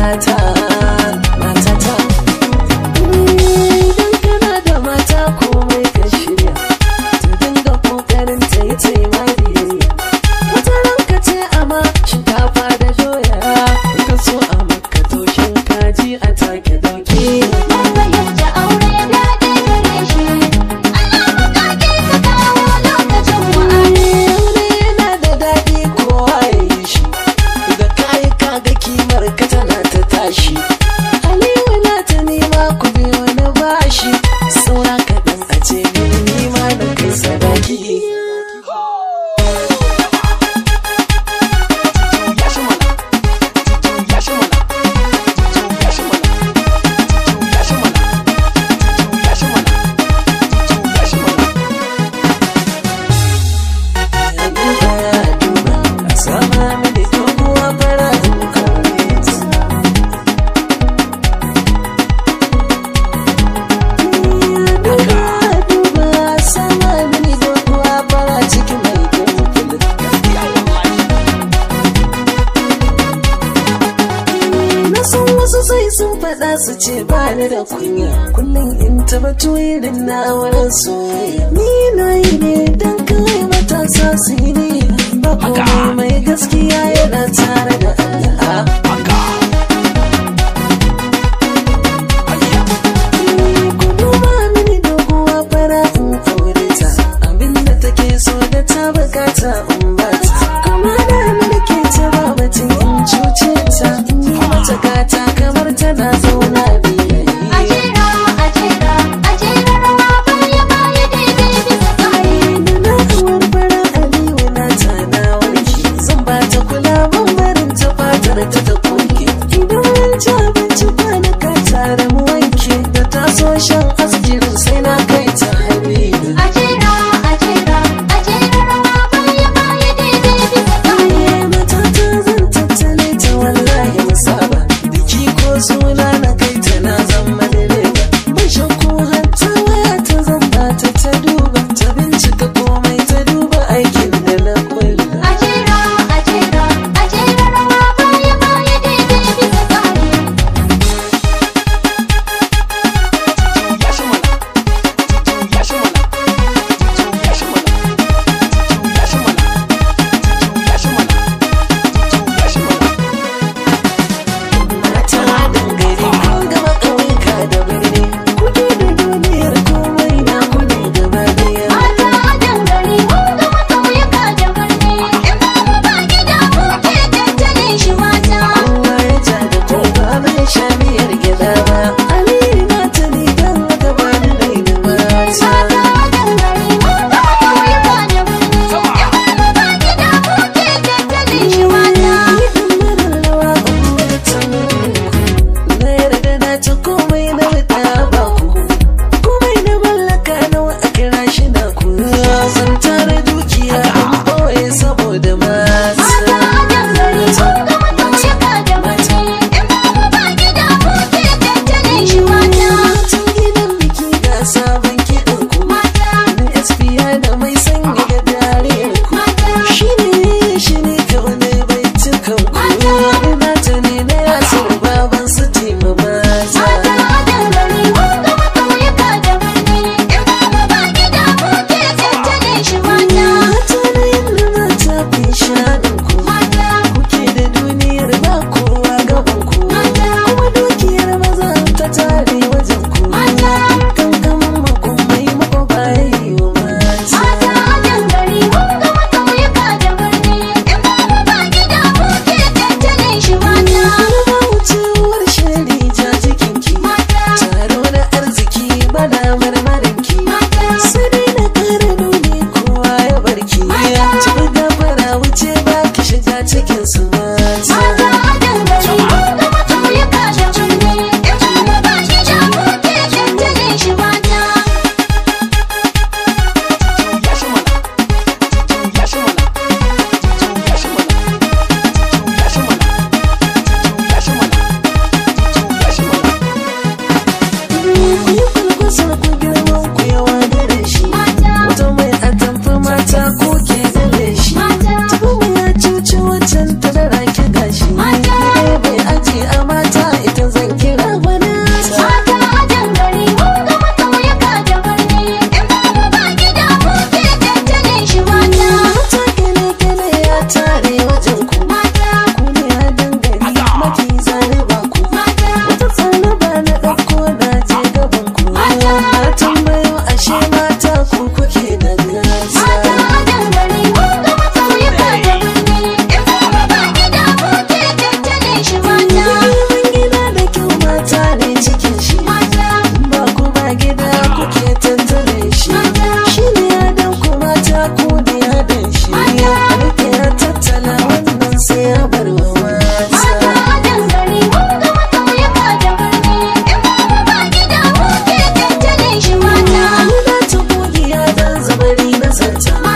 matata matata kana da mata komai ka shirya ta dinga kokarin ta yi taima wata ranka ce ama shinkafa da joya ka so a maka toshin kaji a take dauke should. su ce ba da kunya kullum in taba tuyi na wurin soyayya ni na yi ne don kawai 在家。